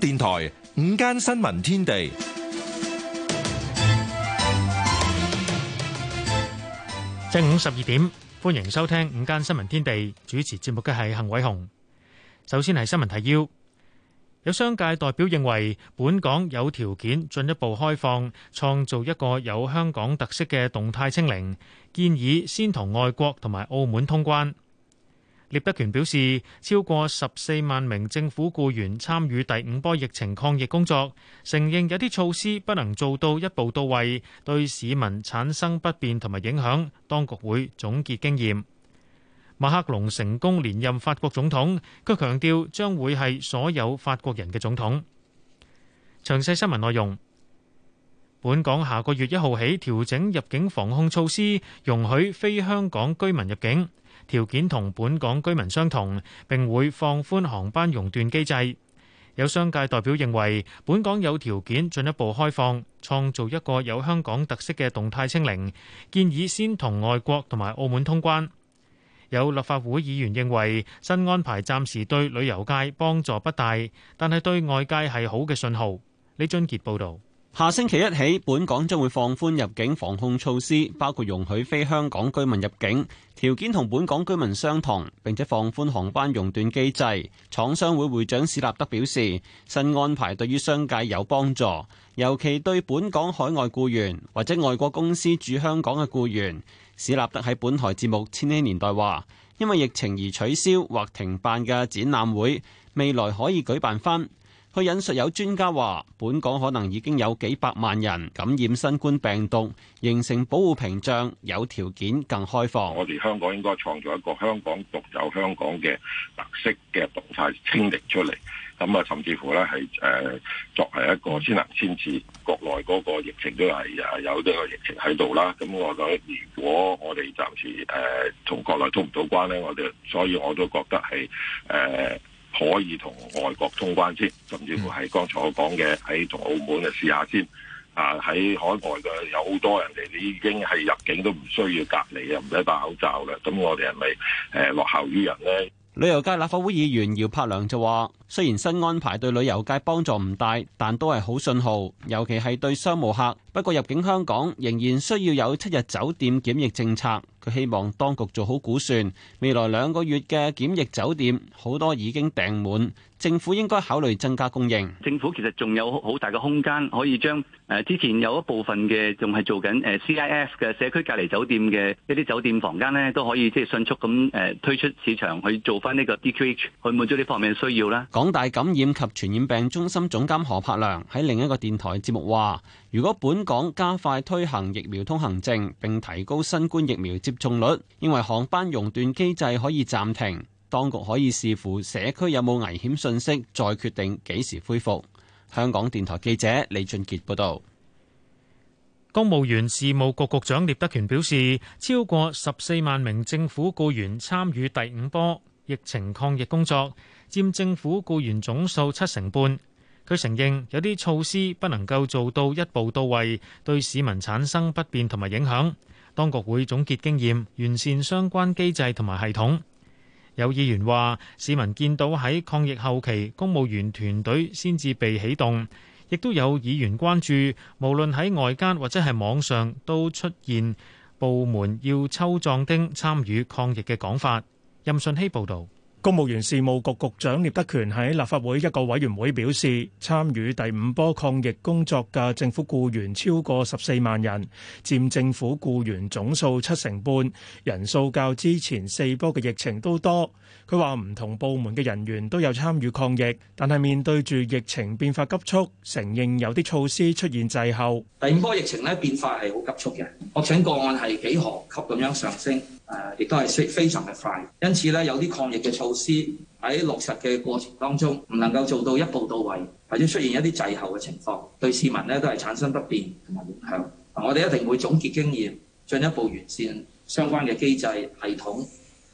電台午間新聞天地，正午十二點，歡迎收聽午間新聞天地。主持節目嘅係幸偉雄。首先係新聞提要，有商界代表認為，本港有條件進一步開放，創造一個有香港特色嘅動態清零，建議先同外國同埋澳門通關。聶德權表示，超過十四萬名政府僱員參與第五波疫情抗疫工作，承認有啲措施不能做到一步到位，對市民產生不便同埋影響，當局會總結經驗。馬克龍成功連任法國總統，佢強調將會係所有法國人嘅總統。詳細新聞內容：本港下個月一號起調整入境防控措施，容許非香港居民入境。條件同本港居民相同，並會放寬航班熔斷機制。有商界代表認為，本港有條件進一步開放，創造一個有香港特色嘅動態清零。建議先同外國同埋澳門通關。有立法會議員認為，新安排暫時對旅遊界幫助不大，但係對外界係好嘅信號。李俊傑報導。下星期一起，本港將會放寬入境防控措施，包括容許非香港居民入境，條件同本港居民相同，並且放寬航班熔斷機制。廠商會會長史立德表示，新安排對於商界有幫助，尤其對本港海外雇員，或者外國公司駐香港嘅雇員。史立德喺本台節目《千禧年代》話，因為疫情而取消或停辦嘅展覽會，未來可以舉辦翻。佢引述有專家話，本港可能已經有幾百萬人感染新冠病毒，形成保護屏障，有條件更開放。我哋香港應該創造一個香港獨有香港嘅特色嘅動態清零出嚟。咁啊，甚至乎咧係誒作為一個先行先至國內嗰個疫情都係誒有呢個疫情喺度啦。咁我覺得如果我哋暫時誒同國內通唔到關咧，我哋所以我都覺得係誒。嗯可以同外國通關先，甚至乎係剛才我講嘅喺同澳門嘅試下先。啊，喺海外嘅有好多人哋，你已經係入境都唔需要隔離啊，唔使戴口罩啦。咁我哋係咪誒落後於人咧？旅遊界立法會議員姚柏良就話。雖然新安排對旅遊界幫助唔大，但都係好信號，尤其係對商務客。不過入境香港仍然需要有七日酒店檢疫政策。佢希望當局做好估算，未來兩個月嘅檢疫酒店好多已經訂滿，政府應該考慮增加供應。政府其實仲有好大嘅空間，可以將誒之前有一部分嘅仲係做緊誒 CIF 嘅社區隔離酒店嘅一啲酒店房間咧，都可以即係迅速咁誒推出市場去做翻呢個 DQH，去滿足呢方面嘅需要啦。港大感染及傳染病中心總監何柏良喺另一個電台節目話，如果本港加快推行疫苗通行證並提高新冠疫苗接種率，認為航班熔斷機制可以暫停，當局可以視乎社區有冇危險信息，再決定幾時恢復。香港電台記者李俊傑報道。公務員事務局，局局長聶德權表示，超過十四萬名政府雇員參與第五波。疫情抗疫工作佔政府僱員總數七成半。佢承認有啲措施不能夠做到一步到位，對市民產生不便同埋影響，當局會總結經驗，完善相關機制同埋系統。有議員話市民見到喺抗疫後期，公務員團隊先至被啟動，亦都有議員關注，無論喺外間或者係網上，都出現部門要抽壯丁參與抗疫嘅講法。任信希報道，公務員事務局局，局長聶德權喺立法會一個委員會表示，參與第五波抗疫工作嘅政府僱員超過十四萬人，佔政府僱員總數七成半，人數較之前四波嘅疫情都多。佢話唔同部門嘅人員都有參與抗疫，但係面對住疫情變化急速，承認有啲措施出現滯後。第五波疫情呢變化係好急速嘅，確診個案係幾何級咁樣上升。誒，亦都係非非常嘅快，因此咧有啲抗疫嘅措施喺落實嘅過程當中，唔能夠做到一步到位，或者出現一啲滯後嘅情況，對市民咧都係產生不便同埋影響。我哋一定會總結經驗，進一步完善相關嘅機制、系統、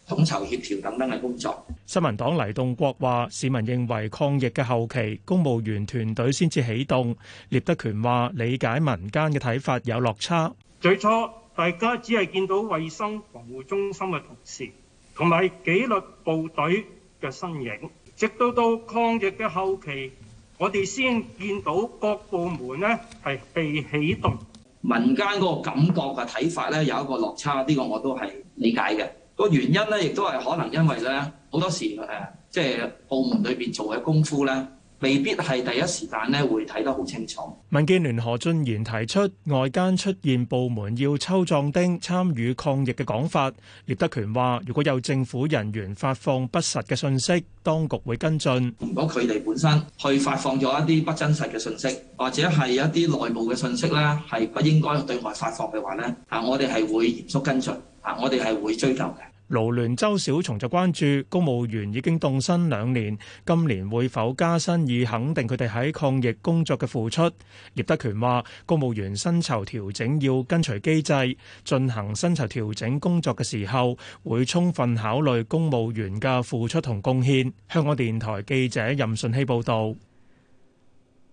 統籌協調等等嘅工作。新民黨黎棟國話：市民認為抗疫嘅後期，公務員團隊先至啟動。聶德權話：理解民間嘅睇法有落差。最初，大家只係見到衞生防護中心嘅同事，同埋紀律部隊嘅身影，直到到抗疫嘅後期，我哋先見到各部門咧係被啟動。民間嗰個感覺嘅睇法咧，有一個落差，呢個我都係理解嘅。個原因咧，亦都係可能因為咧，好多時誒，即係部門裏邊做嘅功夫咧。未必係第一時間咧，會睇得好清楚。民建聯何俊賢提出外間出現部門要抽壯丁參與抗疫嘅講法，聶德權話：如果有政府人員發放不實嘅信息，當局會跟進。如果佢哋本身去發放咗一啲不真實嘅信息，或者係一啲內部嘅信息啦，係不應該對外發放嘅話咧，啊，我哋係會嚴肅跟進，啊，我哋係會追究嘅。勞聯周小松就關注，公務員已經凍薪兩年，今年會否加薪以肯定佢哋喺抗疫工作嘅付出？葉德權話，公務員薪酬調整要跟隨機制，進行薪酬調整工作嘅時候，會充分考慮公務員嘅付出同貢獻。香港電台記者任順希報導，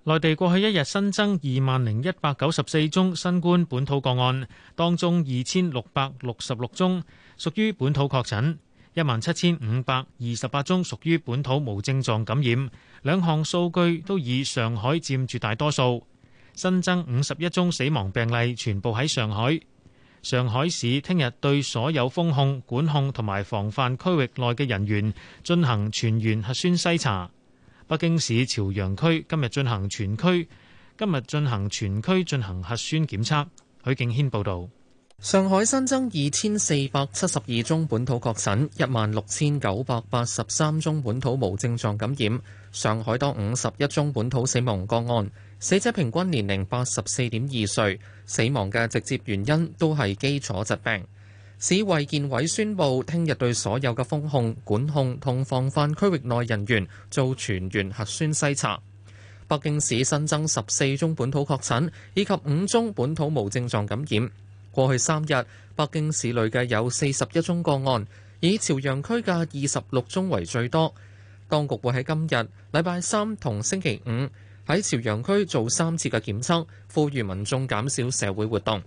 內地過去一日新增二萬零一百九十四宗新冠本土個案，當中二千六百六十六宗。屬於本土確診一萬七千五百二十八宗，屬於本土無症狀感染。兩項數據都以上海佔絕大多數。新增五十一宗死亡病例，全部喺上海。上海市聽日對所有封控、管控同埋防範區域內嘅人員進行全員核酸篩查。北京市朝陽區今日進行全區今日進行全區進行核酸檢測。許敬軒報導。上海新增二千四百七十二宗本土確診，一萬六千九百八十三宗本土無症狀感染。上海多五十一宗本土死亡個案，死者平均年齡八十四點二歲，死亡嘅直接原因都係基礎疾病。市衛健委宣布，聽日對所有嘅封控、管控同防範區域內人員做全員核酸篩查。北京市新增十四宗本土確診，以及五宗本土無症狀感染。過去三日，北京市內嘅有四十一宗個案，以朝陽區嘅二十六宗為最多。當局會喺今日、禮拜三同星期五喺朝陽區做三次嘅檢測，呼籲民眾減少社會活動。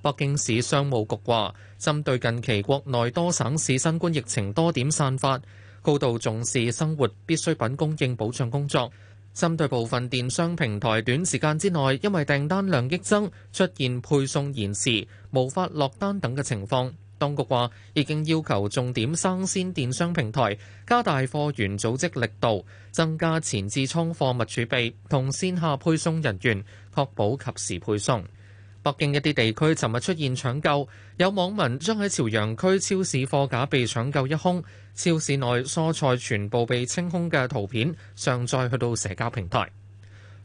北京市商務局話，針對近期國內多省市新冠疫情多點散發，高度重視生活必需品供應保障工作。針對部分電商平台短時間之內因為訂單量激增出現配送延時、無法落單等嘅情況，當局話已經要求重點生鮮電商平台加大貨源組織力度，增加前置倉貨物儲備同線下配送人員，確保及時配送。北京一啲地區尋日出現搶購。有網民將喺朝陽區超市貨架被搶購一空，超市內蔬菜全部被清空嘅圖片上載去到社交平台。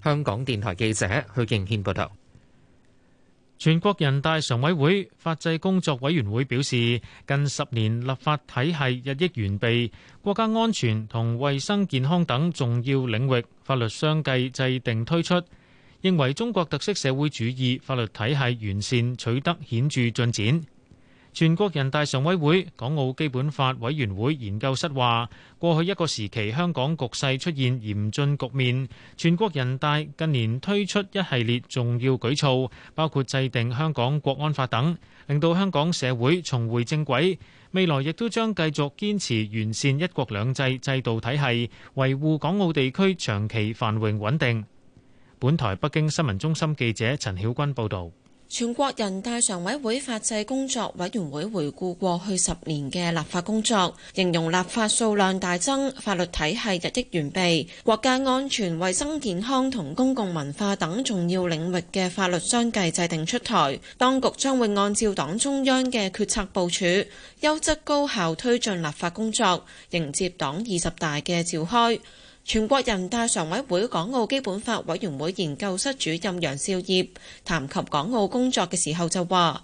香港電台記者許敬軒報導。全國人大常委會法制工作委員會表示，近十年立法體系日益完備，國家安全同衞生健康等重要領域法律相繼制定推出。認為中國特色社會主義法律體係完善取得顯著進展。全國人大常委會港澳基本法委員會研究室話：過去一個時期，香港局勢出現嚴峻局面。全國人大近年推出一系列重要舉措，包括制定香港國安法等，令到香港社會重回正軌。未來亦都將繼續堅持完善一國兩制制度體系，維護港澳地區長期繁榮穩定。本台北京新聞中心記者陳曉君報道，全國人大常委會法制工作委員會回顧過去十年嘅立法工作，形容立法數量大增，法律體系日益完備，國家安全、衛生健康同公共文化等重要領域嘅法律相繼制定出台。當局將會按照黨中央嘅決策部署，優質高效推進立法工作，迎接黨二十大嘅召開。全國人大常委會港澳基本法委員會研究室主任楊少業談及港澳工作嘅時候就話。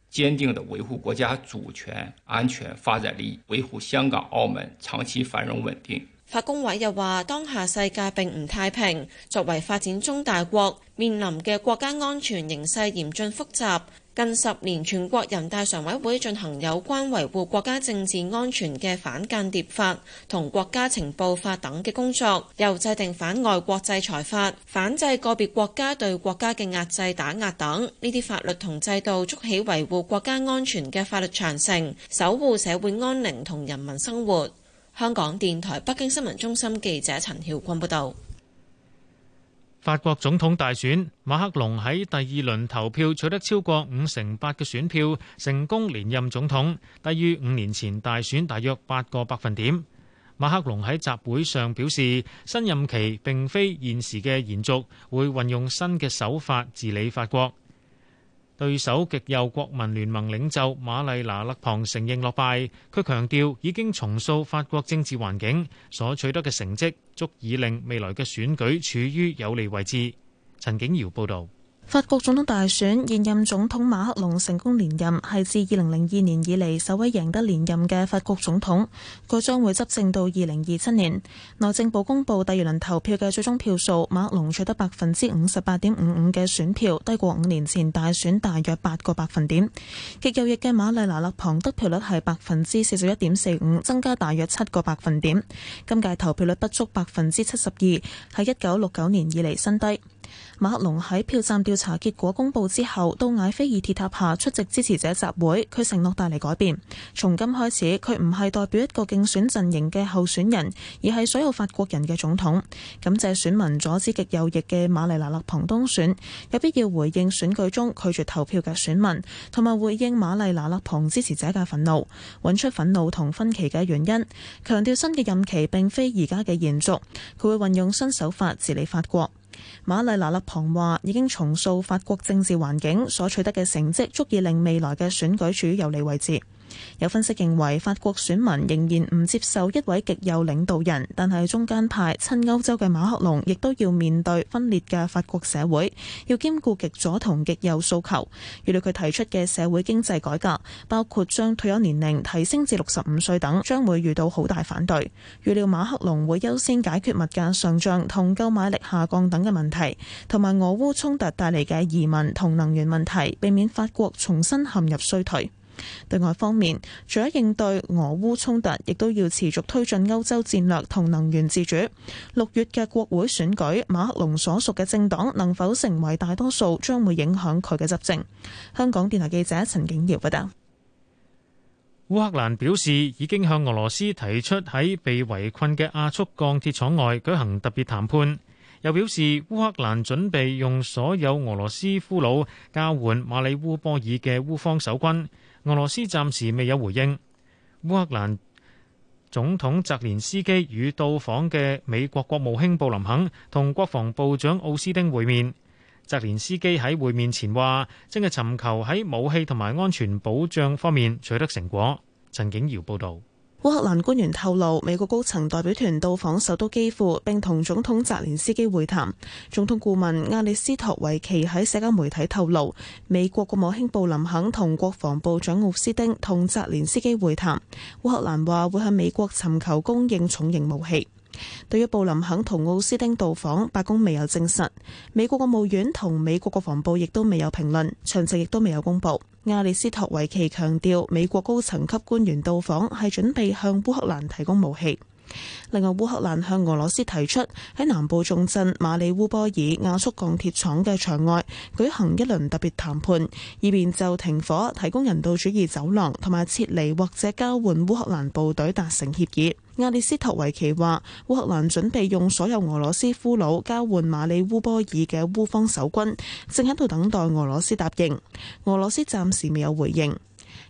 堅定地維護國家主權、安全、發展利益，維護香港、澳門長期繁榮穩定。法工委又話，當下世界並唔太平，作為發展中大國，面臨嘅國家安全形勢嚴峻複雜。近十年，全國人大常委會進行有關維護國家政治安全嘅反間諜法同國家情報法等嘅工作，又制定反外國制裁法，反制個別國家對國家嘅壓制打壓等。呢啲法律同制度，築起維護國家安全嘅法律長城，守護社會安寧同人民生活。香港電台北京新聞中心記者陳曉君報道。法國總統大選，馬克龍喺第二輪投票取得超過五成八嘅選票，成功連任總統，低於五年前大選大約八個百分點。馬克龍喺集會上表示，新任期並非現時嘅延續，會運用新嘅手法治理法國。對手極右國民聯盟領袖瑪麗娜勒龐承認落敗。佢強調已經重塑法國政治環境，所取得嘅成績足以令未來嘅選舉處於有利位置。陳景堯報道。法國總統大選，現任總統馬克龍成功連任，係自二零零二年以嚟，首位贏得連任嘅法國總統。佢將會執政到二零二七年。內政部公布第二輪投票嘅最終票數，馬克龍取得百分之五十八點五五嘅選票，低過五年前大選大約八個百分點。極右翼嘅瑪麗娜勒龐得票率係百分之四十一點四五，增加大約七個百分點。今屆投票率不足百分之七十二，係一九六九年以嚟新低。馬克龍喺票站調查結果公布之後，到埃菲爾鐵塔下出席支持者集會。佢承諾帶嚟改變，從今開始佢唔係代表一個競選陣營嘅候選人，而係所有法國人嘅總統。感謝選民阻止極右翼嘅瑪麗娜勒蓬當選，有必要回應選舉中拒絕投票嘅選民，同埋回應瑪麗娜勒蓬支持者嘅憤怒，揾出憤怒同分歧嘅原因，強調新嘅任期並非而家嘅延續。佢會運用新手法治理法國。瑪麗娜勒龐話：已經重塑法國政治環境，所取得嘅成績足以令未來嘅選舉處於有利位置。有分析認為，法國選民仍然唔接受一位極右領導人，但係中間派親歐洲嘅馬克龍亦都要面對分裂嘅法國社會，要兼顧極左同極右訴求。預料佢提出嘅社會經濟改革，包括將退休年齡提升至六十五歲等，將會遇到好大反對。預料馬克龍會優先解決物價上漲同購買力下降等嘅問題，同埋俄烏衝突帶嚟嘅移民同能源問題，避免法國重新陷入衰退。對外方面，除咗應對俄烏衝突，亦都要持續推進歐洲戰略同能源自主。六月嘅國會選舉，馬克龍所屬嘅政黨能否成為大多數，將會影響佢嘅執政。香港電台記者陳景瑤報道。烏克蘭表示已經向俄羅斯提出喺被圍困嘅亞速鋼鐵廠外舉行特別談判，又表示烏克蘭準備用所有俄羅斯俘虜交換馬里烏波爾嘅烏方守軍。俄羅斯暫時未有回應。烏克蘭總統澤連斯基與到訪嘅美國國務卿布林肯同國防部長奧斯丁會面。澤連斯基喺會面前話：正係尋求喺武器同埋安全保障方面取得成果。陳景堯報道。烏克蘭官員透露，美國高層代表團到訪首都基輔，並同總統澤連斯基會談。總統顧問阿列斯托維奇喺社交媒體透露，美國國務卿布林肯同國防部長奧斯丁同澤連斯基會談。烏克蘭話會向美國尋求供應重型武器。對於布林肯同奧斯汀到訪，白宮未有證實。美國國務院同美國國防部亦都未有評論，詳情亦都未有公布。亞里斯托維奇強調，美國高層級官員到訪係準備向烏克蘭提供武器。另外，烏克蘭向俄羅斯提出喺南部重鎮馬里烏波爾亞速鋼鐵廠嘅場外舉行一輪特別談判，以便就停火、提供人道主義走廊同埋撤離或者交換烏克蘭部隊達成協議。亞歷斯托維奇話：烏克蘭準備用所有俄羅斯俘虜交換馬里烏波爾嘅烏方守軍，正喺度等待俄羅斯答應。俄羅斯暫時未有回應。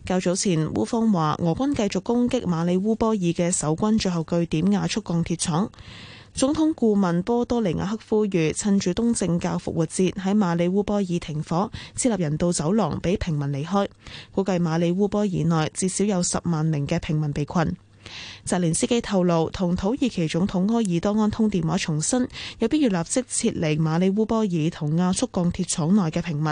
較早前，烏方話俄軍繼續攻擊馬里烏波爾嘅守軍最後據點亞速鋼鐵廠。總統顧問波多利亞克呼籲趁住東正教復活節喺馬里烏波爾停火，設立人道走廊俾平民離開。估計馬里烏波爾內至少有十萬名嘅平民被困。澤連斯基透露，同土耳其總統埃爾多安通電話重，重申有必要立即撤離馬里烏波爾同亞速鋼鐵廠內嘅平民。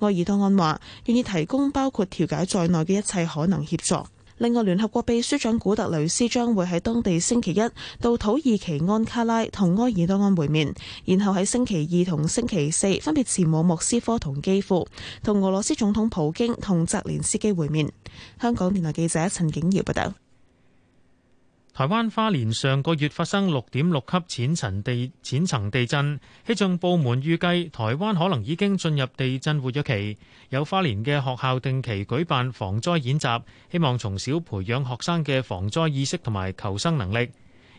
埃爾多安話願意提供包括調解在內嘅一切可能協助。另外，聯合國秘書長古特雷斯將會喺當地星期一到土耳其安卡拉同埃爾多安會面，然後喺星期二同星期四分別前往莫斯科同基輔，同俄羅斯總統普京同澤連斯基會面。香港電台記者陳景瑤報道。台灣花蓮上個月發生六點六級淺層地淺層地震，氣象部門預計台灣可能已經進入地震活躍期。有花蓮嘅學校定期舉辦防災演習，希望從小培養學生嘅防災意識同埋求生能力。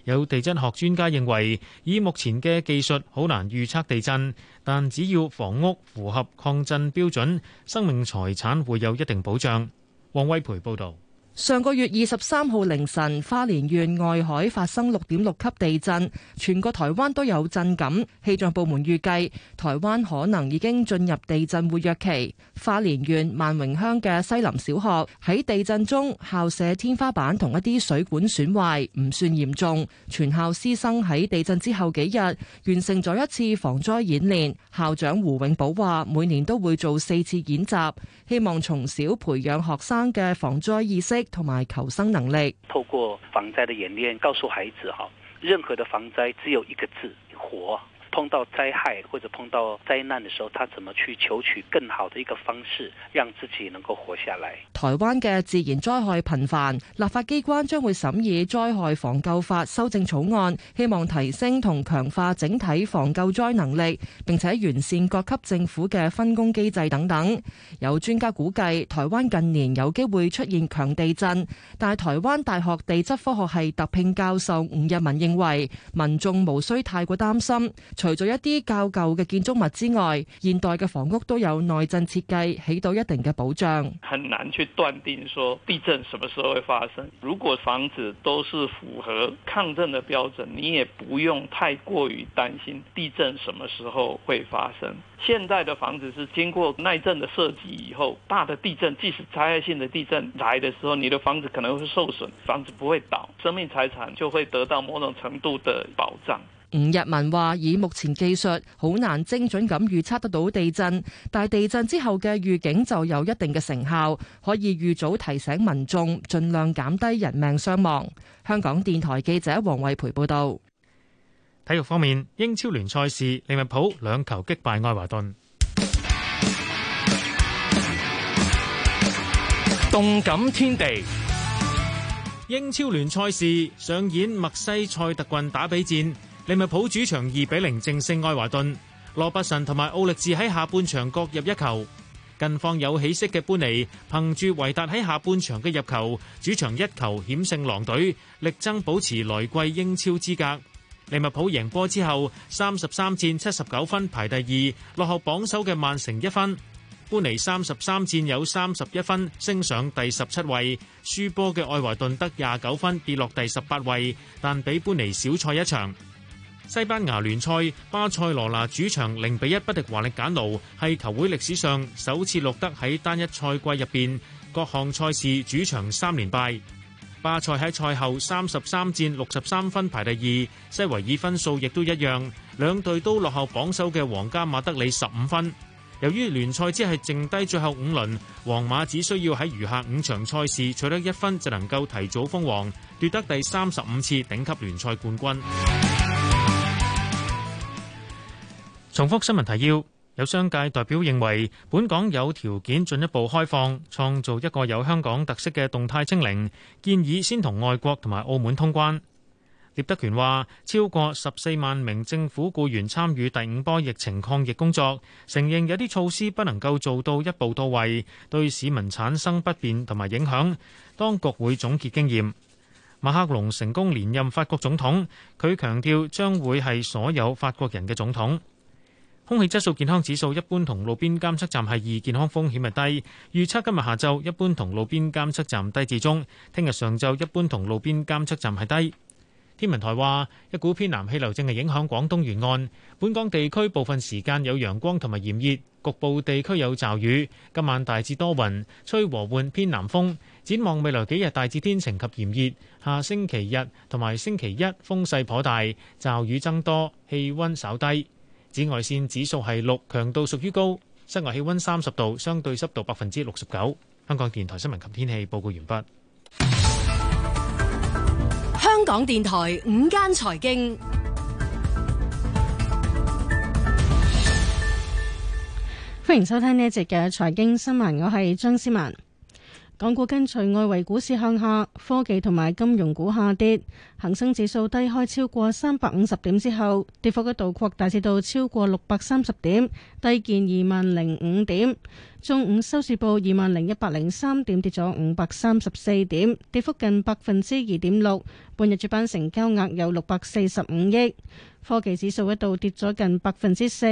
有地質學專家認為，以目前嘅技術好難預測地震，但只要房屋符合抗震標準，生命財產會有一定保障。黃威培報導。上個月二十三號凌晨，花蓮縣外海發生六點六級地震，全個台灣都有震感。氣象部門預計台灣可能已經進入地震活躍期。花蓮縣萬榮鄉嘅西林小學喺地震中校舍天花板同一啲水管損壞，唔算嚴重。全校師生喺地震之後幾日完成咗一次防災演練。校長胡永寶話：每年都會做四次演習，希望從小培養學生嘅防災意識。同埋求生能力，透過防災的演練，告訴孩子嗬，任何的防災只有一個字，活。碰到災害或者碰到災難嘅時候，他怎麼去求取更好的一個方式，讓自己能夠活下來？台灣嘅自然災害頻繁，立法機關將會審議《災害防救法》修正草案，希望提升同強化整體防救災能力，並且完善各級政府嘅分工機制等等。有專家估計，台灣近年有機會出現強地震，但係台灣大學地質科學系特聘教授吳日文認為，民眾無需太過擔心。除咗一啲較舊嘅建築物之外，現代嘅房屋都有耐震設計，起到一定嘅保障。很難去斷定說地震什麼時候會發生。如果房子都是符合抗震的標準，你也不用太過於擔心地震什麼時候會發生。現在的房子是經過耐震的設計以後，大的地震，即使災害性的地震來的時候，你的房子可能會受損，房子不會倒，生命財產就會得到某種程度的保障。吳日文話：以目前技術，好難精準咁預測得到地震，但地震之後嘅預警就有一定嘅成效，可以預早提醒民眾，盡量減低人命傷亡。香港電台記者黃慧培報道。體育方面，英超聯賽事利物浦兩球擊敗愛華頓。動感天地，英超聯賽事上演墨西塞特郡打比戰。利物浦主場二比零淨勝愛華頓，羅伯臣同埋奧力治喺下半場各入一球。近況有起色嘅般尼，憑住維達喺下半場嘅入球，主場一球險勝狼隊，力爭保持來季英超資格。利物浦贏波之後，三十三戰七十九分排第二，落後榜首嘅曼城一分。般尼三十三戰有三十一分，升上第十七位。輸波嘅愛華頓得廿九分，跌落第十八位，但比般尼少賽一場。西班牙聯賽巴塞羅那主場零比一不敵華力簡奴，係球會歷史上首次錄得喺單一賽季入邊各項賽事主場三連敗。巴塞喺賽後三十三戰六十三分排第二，西維爾分數亦都一樣，兩隊都落後榜首嘅皇家馬德里十五分。由於聯賽只係剩低最後五輪，皇馬只需要喺餘下五場賽事取得一分就能夠提早封王，奪得第三十五次頂級聯賽冠軍。重複新聞提要。有商界代表認為，本港有條件進一步開放，創造一個有香港特色嘅動態清零。建議先同外國同埋澳門通關。聶德權話，超過十四萬名政府僱員參與第五波疫情抗疫工作，承認有啲措施不能夠做到一步到位，對市民產生不便同埋影響。當局會總結經驗。馬克龍成功連任法國總統，佢強調將會係所有法國人嘅總統。空氣質素健康指數一般同路邊監測站係二，健康風險係低。預測今日下晝一般同路邊監測站低至中，聽日上晝一般同路邊監測站係低。天文台話，一股偏南氣流正係影響廣東沿岸，本港地區部分時間有陽光同埋炎熱，局部地區有驟雨。今晚大致多雲，吹和緩偏，偏南風。展望未來幾日大致天晴及炎熱，下星期日同埋星期一風勢頗大，驟雨增多，氣温稍低。紫外線指數係六，強度屬於高。室外氣溫三十度，相對濕度百分之六十九。香港電台新聞及天氣報告完畢。香港電台午間財經，歡迎收聽呢一節嘅財經新聞，我係張思文。港股跟隨外圍股市向下，科技同埋金融股下跌，恒生指數低開超過三百五十點之後，跌幅一度擴大至到超過六百三十點，低見二萬零五點。中午收市報二萬零一百零三點，跌咗五百三十四點，跌幅近百分之二點六。半日主板成交額有六百四十五億。科技指數一度跌咗近百分之四，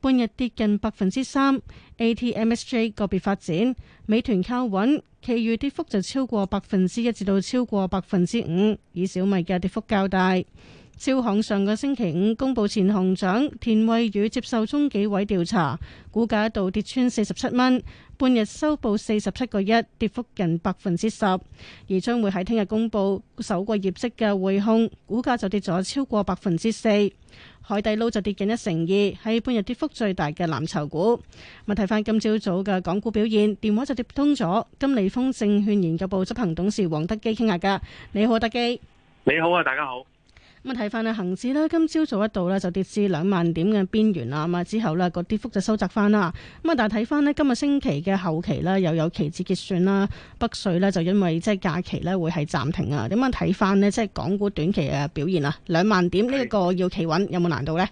半日跌近百分之三。ATMSJ 個別發展，美團靠穩。其餘跌幅就超過百分之一至到超過百分之五，以小米嘅跌幅較大。招行上個星期五公布前行長田惠宇接受中紀委調查，股價一度跌穿四十七蚊，半日收報四十七個一，跌幅近百分之十。而將會喺聽日公布首季業績嘅匯控股價就跌咗超過百分之四，海底撈就跌近一成二，喺半日跌幅最大嘅藍籌股。咪睇翻今朝早嘅港股表現，電話就接通咗。金利豐證券研究部執行董事黃德基傾下偈，你好，德基。你好啊，大家好。咁啊，睇翻啊，恆指呢，今朝早做一度呢就跌至兩萬點嘅邊緣啦，咁啊之後呢個跌幅就收窄翻啦。咁啊，但係睇翻呢今日星期嘅後期呢又有期指結算啦，北水呢就因為即係假期呢會係暫停啊。點樣睇翻呢即係港股短期嘅表現啊，兩萬點呢一個要企穩是有冇難度呢？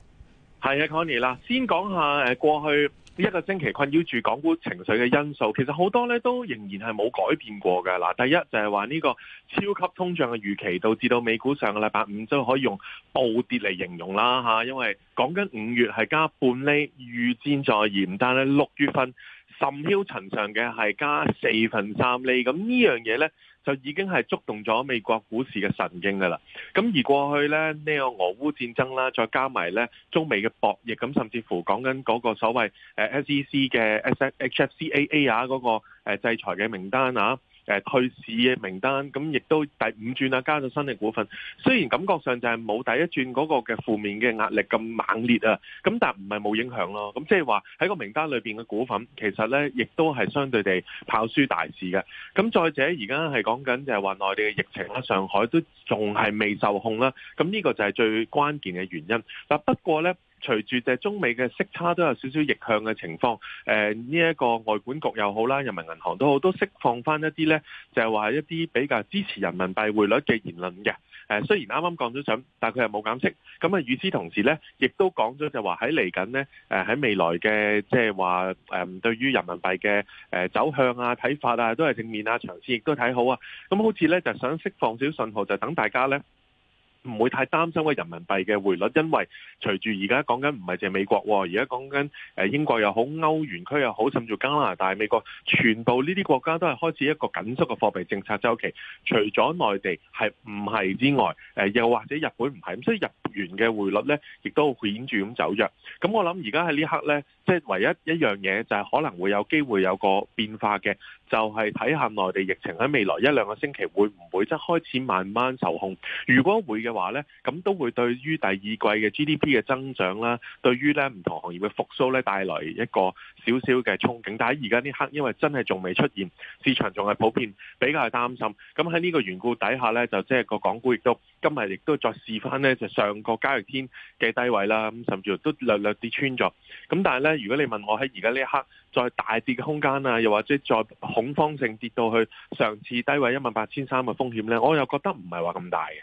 係啊，Connie 啦，Connie，先講下誒過去。呢一個星期困擾住港股情緒嘅因素，其實好多咧都仍然係冇改變過嘅。嗱，第一就係話呢個超級通脹嘅預期，導致到美股上個禮拜五都可以用暴跌嚟形容啦嚇。因為講緊五月係加半厘預戰在嚴，但係六月份甚囂塵上嘅係加四分三厘。咁呢樣嘢呢？就已經係觸動咗美國股市嘅神經噶啦，咁而過去咧呢、這個俄烏戰爭啦，再加埋咧中美嘅博弈，咁甚至乎講緊嗰個所謂誒 SEC 嘅 HFCAA 啊嗰個制裁嘅名單啊。誒退市嘅名單，咁亦都第五轉啊，加咗新力股份。雖然感覺上就係冇第一轉嗰個嘅負面嘅壓力咁猛烈啊，咁但唔係冇影響咯。咁即係話喺個名單裏邊嘅股份，其實咧亦都係相對地跑輸大市嘅。咁再者，而家係講緊就係話內地嘅疫情啦，上海都仲係未受控啦。咁呢個就係最關鍵嘅原因。嗱，不過咧。隨住就中美嘅息差都有少少逆向嘅情況，誒呢一個外管局又好啦，人民銀行都好，都釋放翻一啲咧，就係話一啲比較支持人民幣匯率嘅言論嘅。誒雖然啱啱降咗準，但係佢係冇減息。咁啊，與此同時咧，亦都講咗就話喺嚟緊呢，誒喺未來嘅即係話誒對於人民幣嘅誒走向啊、睇法啊，都係正面啊、長線亦都睇好啊。咁好似咧就想釋放少少信號，就等大家咧。唔會太擔心個人民幣嘅匯率，因為隨住而家講緊唔係淨係美國，而家講緊誒英國又好，歐元區又好，甚至加拿大、美國，全部呢啲國家都係開始一個緊縮嘅貨幣政策周期。除咗內地係唔係之外，誒又或者日本唔係，咁所以日元嘅匯率呢亦都顯著咁走弱。咁我諗而家喺呢刻呢，即係唯一一樣嘢就係可能會有機會有個變化嘅。就係睇下內地疫情喺未來一兩個星期會唔會即係開始慢慢受控，如果會嘅話呢，咁都會對於第二季嘅 GDP 嘅增長啦，對於咧唔同行業嘅復甦咧帶來一個少少嘅憧憬。但係而家呢刻，因為真係仲未出現，市場仲係普遍比較係擔心。咁喺呢個緣故底下呢，就即係個港股亦都。今日亦都再試翻呢，就上個交易天嘅低位啦，咁甚至都略略跌穿咗。咁但係呢，如果你問我喺而家呢一刻再大跌嘅空間啊，又或者再恐慌性跌到去上次低位一萬八千三嘅風險呢，我又覺得唔係話咁大嘅。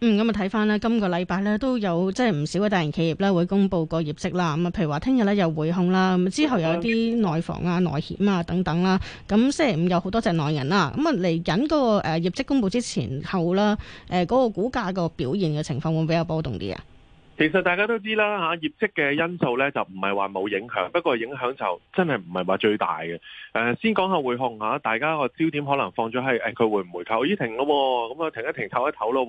嗯，咁啊睇翻咧，今個禮拜咧都有即係唔少嘅大型企業咧會公布個業績啦。咁啊，譬如話聽日咧又匯控啦，咁之後有一啲內房啊、內險啊等等啦。咁星期五有好多隻內銀啦。咁啊嚟緊嗰個誒、呃、業績公布之前後啦，誒、呃、嗰、那個股價個表現嘅情況會唔會比較波動啲啊？其實大家都知啦嚇，業績嘅因素咧就唔係話冇影響，不過影響就真係唔係話最大嘅。誒，先講下匯控嚇，大家個焦點可能放咗喺誒佢會唔會唞？咦，停、嗯、咯，咁啊停一停，唞一唞咯。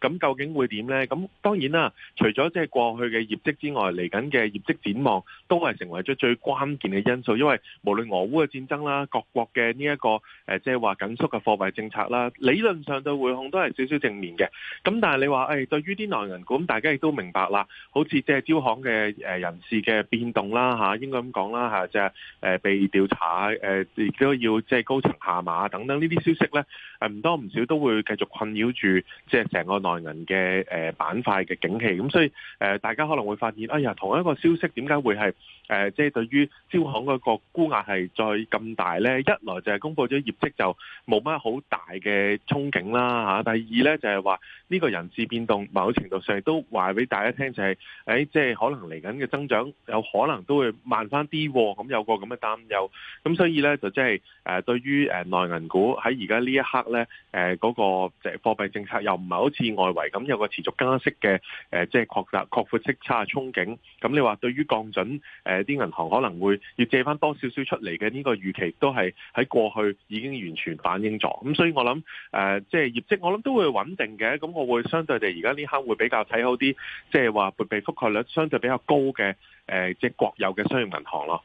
咁、嗯、究竟會點咧？咁、嗯、當然啦，除咗即係過去嘅業績之外，嚟緊嘅業績展望都係成為咗最關鍵嘅因素，因為無論俄烏嘅戰爭啦，各國嘅呢一個誒即係話緊縮嘅貨幣政策啦，理論上對匯控都係少少正面嘅。咁但係你話誒、哎，對於啲內銀股，大家亦都明白。嗱，好似即係招行嘅誒人事嘅變動啦吓，應該咁講啦吓，即係誒被調查誒，亦都要即係高層下馬等等呢啲消息咧。誒唔多唔少都會繼續困擾住，即係成個內銀嘅誒板塊嘅景氣，咁所以誒大家可能會發現，哎呀，同一個消息點解會係誒即係對於招行嗰個估壓係再咁大咧？一來就係公佈咗業績就冇乜好大嘅憧憬啦嚇，第二咧就係話呢個人事變動，某程度上都話俾大家聽就係誒即係可能嚟緊嘅增長有可能都會慢返啲，啊，咁有個咁嘅擔憂，咁所以咧就即係誒對於誒內銀股喺而家呢一刻，咧誒嗰個即係貨幣政策又唔係好似外圍咁有個持續加息嘅誒、呃，即係擴大擴闊息差嘅憧憬。咁、嗯、你話對於降準誒，啲、呃、銀行可能會要借翻多少少出嚟嘅呢個預期，都係喺過去已經完全反映咗。咁、嗯、所以我諗誒、呃，即係業績我諗都會穩定嘅。咁我會相對地而家呢刻會比較睇好啲，即係話撥備覆蓋率相對比較高嘅誒、呃，即係國有嘅商業銀行咯。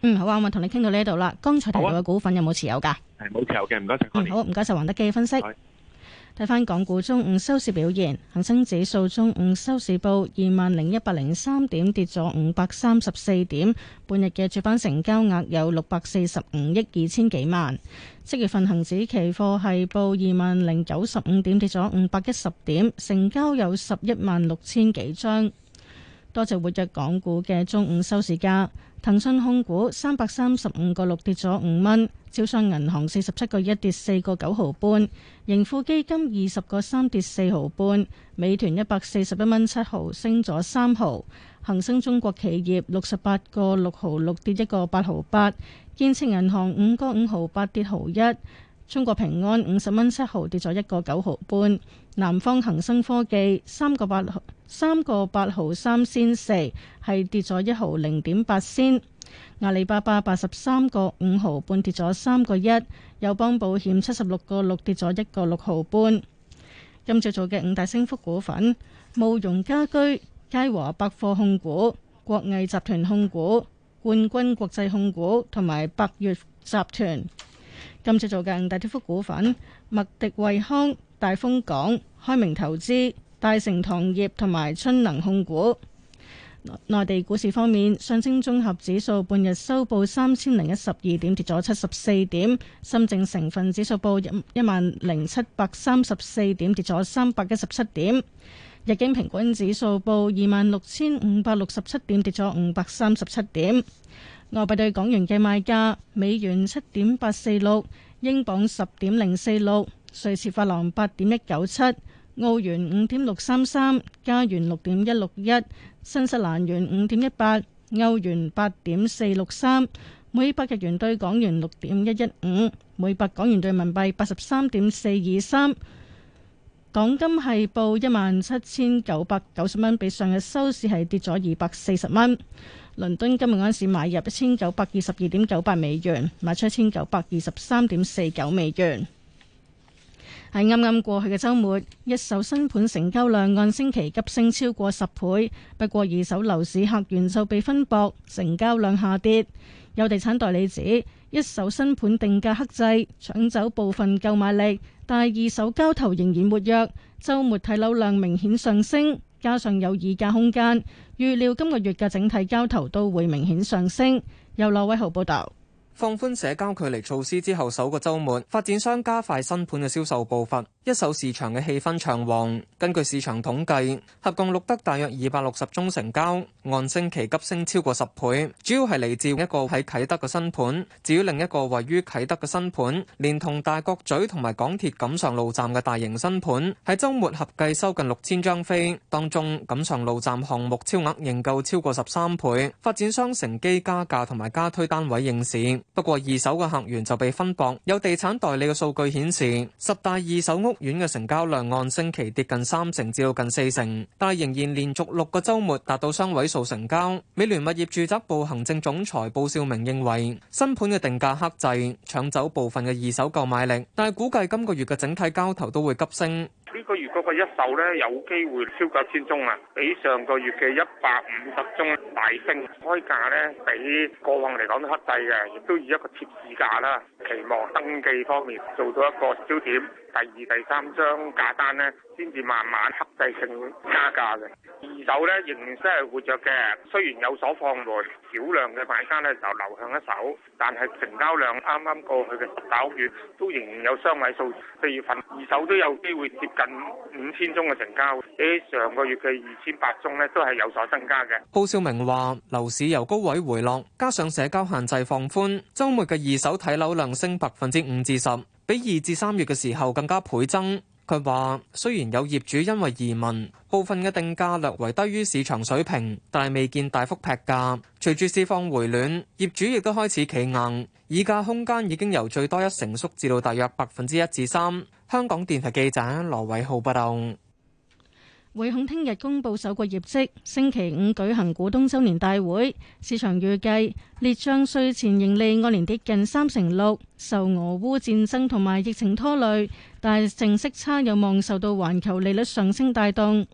嗯，好啊，我同你傾到呢度啦。剛才提到嘅股份有冇持有噶？係冇、啊、持有嘅，唔該晒。好，唔該晒，黃德基分析。睇翻、哎、港股中午收市表現，恒生指數中午收市報二萬零一百零三點，跌咗五百三十四點。半日嘅主板成交額有六百四十五億二千幾萬。即月份恒指期貨係報二萬零九十五點，跌咗五百一十點，成交有十一萬六千幾張。多謝活躍港股嘅中午收市價。騰訊控股三百三十五個六跌咗五蚊，招商銀行四十七個一跌四個九毫半，盈富基金二十個三跌四毫半，美團一百四十一蚊七毫升咗三毫，恒生中國企業六十八個六毫六跌一個八毫八，建設銀行五個五毫八跌毫一，中國平安五十蚊七毫跌咗一個九毫半。南方恒生科技三個八三個八毫三仙四，係跌咗一毫零點八仙。阿里巴巴八十三個五毫半跌咗三個一。友邦保險七十六個六跌咗一個六毫半。今朝做嘅五大升幅股份：慕容家居、佳華百貨控股、國藝集團控股、冠軍國際控股同埋百悅集團。今朝做嘅五大跌幅股份：麥迪惠康、大豐港。開明投資、大成糖業同埋春能控股。內地股市方面，上證綜合指數半日收報三千零一十二點，跌咗七十四點；深證成分指數報一萬零七百三十四點，跌咗三百一十七點；日經平均指數報二萬六千五百六十七點，跌咗五百三十七點。外幣對港元嘅賣價：美元七點八四六，英鎊十點零四六。瑞士法郎八點一九七，澳元五點六三三，加元六點一六一，新西蘭元五點一八，歐元八點四六三，每百日元兌港元六點一一五，每百港元兌人民幣八十三點四二三。港金係報一萬七千九百九十蚊，比上日收市係跌咗二百四十蚊。倫敦今日嗰陣時買入一千九百二十二點九八美元，賣出一千九百二十三點四九美元。喺啱啱過去嘅週末，一手新盤成交量按星期急升超過十倍，不過二手樓市客源就被分薄，成交量下跌。有地產代理指，一手新盤定價克制，搶走部分購買力，但係二手交投仍然活躍。週末睇樓量明顯上升，加上有議價空間，預料今個月嘅整體交投都會明顯上升。由劉偉豪報導。放寬社交距離措施之後，首個周末發展商加快新盤嘅銷售步伐，一手市場嘅氣氛暢旺。根據市場統計，合共錄得大約二百六十宗成交，按星期急升超過十倍，主要係嚟自一個喺啟德嘅新盤，至於另一個位於啟德嘅新盤，連同大角咀同埋港鐵錦上路站嘅大型新盤，喺周末合計收近六千張飛，當中錦上路站項目超額認購超過十三倍，發展商乘機加價同埋加推單位應市。不過二手嘅客源就被分薄，有地產代理嘅數據顯示，十大二手屋苑嘅成交量按星期跌近三成至到近四成，但係仍然連續六個週末達到雙位數成交。美聯物業住宅部行政總裁布少明認為，新盤嘅定價克制，搶走部分嘅二手購買力，但係估計今個月嘅整體交投都會急升。呢個月嗰個一手咧有機會超過一千宗啊，比上個月嘅一百五十宗大升，開價咧比過往嚟講都克制嘅，亦都以一個貼市價啦，期望登記方面做到一個焦點。第二、第三張價單咧，先至慢慢克制性加價嘅二手咧，仍然真係活躍嘅。雖然有所放緩，少量嘅買家咧就流向一手，但係成交量啱啱過去嘅十九月都仍然有雙位數。四月份二手都有機會接近五千宗嘅成交，比上個月嘅二千八宗咧，都係有所增加嘅。高少明話：樓市由高位回落，加上社交限制放寬，週末嘅二手睇樓量升百分之五至十。比二至三月嘅時候更加倍增。佢話，雖然有業主因為移民，部分嘅定價略為低於市場水平，但係未見大幅劈價。隨住市況回暖，業主亦都開始企硬，議價空間已經由最多一成縮至到大約百分之一至三。香港電台記者羅偉浩報道。匯控聽日公布首個業績，星期五舉行股東周年大會。市場預計列賬稅前盈利按年跌近三成六，受俄烏戰爭同埋疫情拖累。但淨息差有望受到環球利率上升帶動。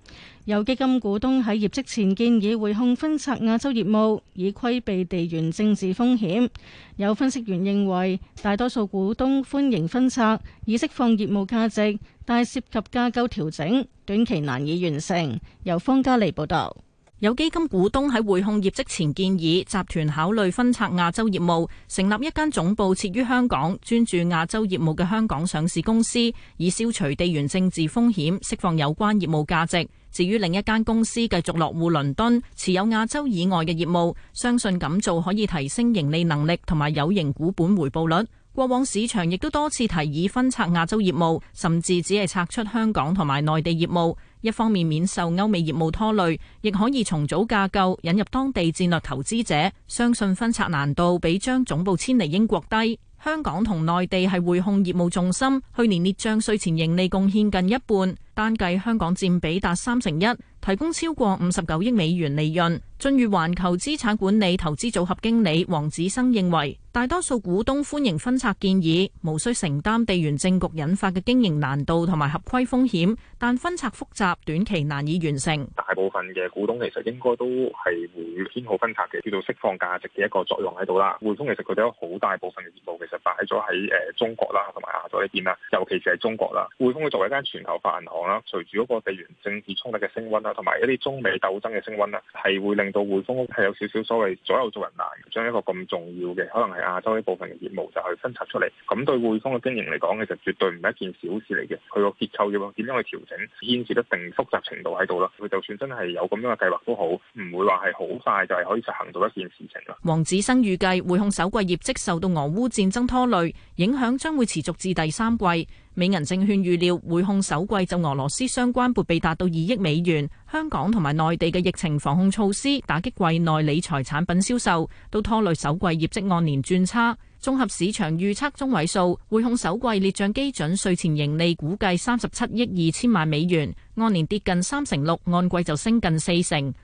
有基金股東喺業績前建議匯控分拆亞洲業務，以規避地緣政治風險。有分析員認為，大多數股東歡迎分拆，以釋放業務價值。但涉及架構調整，短期難以完成。由方嘉莉報道，有基金股東喺匯控業績前建議集團考慮分拆亞洲業務，成立一間總部設於香港、專注亞洲業務嘅香港上市公司，以消除地緣政治風險，釋放有關業務價值。至於另一間公司繼續落戶倫敦，持有亞洲以外嘅業務，相信咁做可以提升盈利能力同埋有形股本回報率。過往市場亦都多次提議分拆亞洲業務，甚至只係拆出香港同埋內地業務，一方面免受歐美業務拖累，亦可以重組架構，引入當地戰略投資者。相信分拆難度比將總部遷離英國低。香港同內地係匯控業務重心，去年列賬稅前盈利貢獻近一半。單計香港佔比達三成一，提供超過五十九億美元利潤。晉達環球資產管理投資組合，經理黃子生認為，大多數股東歡迎分拆建議，無需承擔地緣政局引發嘅經營難度同埋合規風險，但分拆複雜，短期難以完成。大部分嘅股東其實應該都係會偏好分拆嘅，叫做釋放價值嘅一個作用喺度啦。匯豐其實佢哋有好大部分嘅業務其實擺咗喺誒中國啦，同埋亞洲呢邊啦，尤其是係中國啦。匯豐佢作為一間全球化銀行。啦，隨住嗰個地緣政治衝突嘅升溫啦，同埋一啲中美鬥爭嘅升溫啦，係會令到匯豐係有少少所謂左右做人難，將一個咁重要嘅，可能係亞洲呢部分嘅業務就去分拆出嚟。咁對匯豐嘅經營嚟講其實絕對唔係一件小事嚟嘅，佢個結構要點樣去調整，牽涉得一定複雜程度喺度咯。佢就算真係有咁樣嘅計劃都好，唔會話係好快就係可以實行到一件事情啦。黃子生預計匯控首季業績受到俄烏戰爭拖累，影響將會持續至第三季。美銀證券預料滙控首季就俄羅斯相關撥備達到二億美元，香港同埋內地嘅疫情防控措施打擊季內理財產品銷售，都拖累首季業績按年轉差。綜合市場預測中位數，滙控首季列賬基準稅前盈利估計三十七億二千萬美元，按年跌近三成六，按季就升近四成。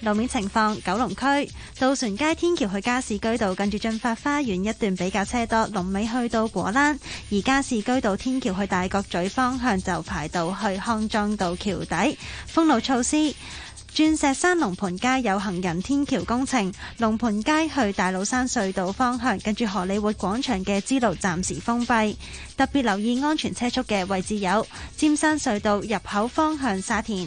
路面情況，九龍區渡船街天橋去加士居道，近住駿發花園一段比較車多，龍尾去到果欄；而加士居道天橋去大角咀方向就排到去康莊道橋底。封路措施。鑽石山龍盤街有行人天橋工程，龍盤街去大老山隧道方向，近住荷里活廣場嘅支路暫時封閉。特別留意安全車速嘅位置有尖山隧道入口方向沙田。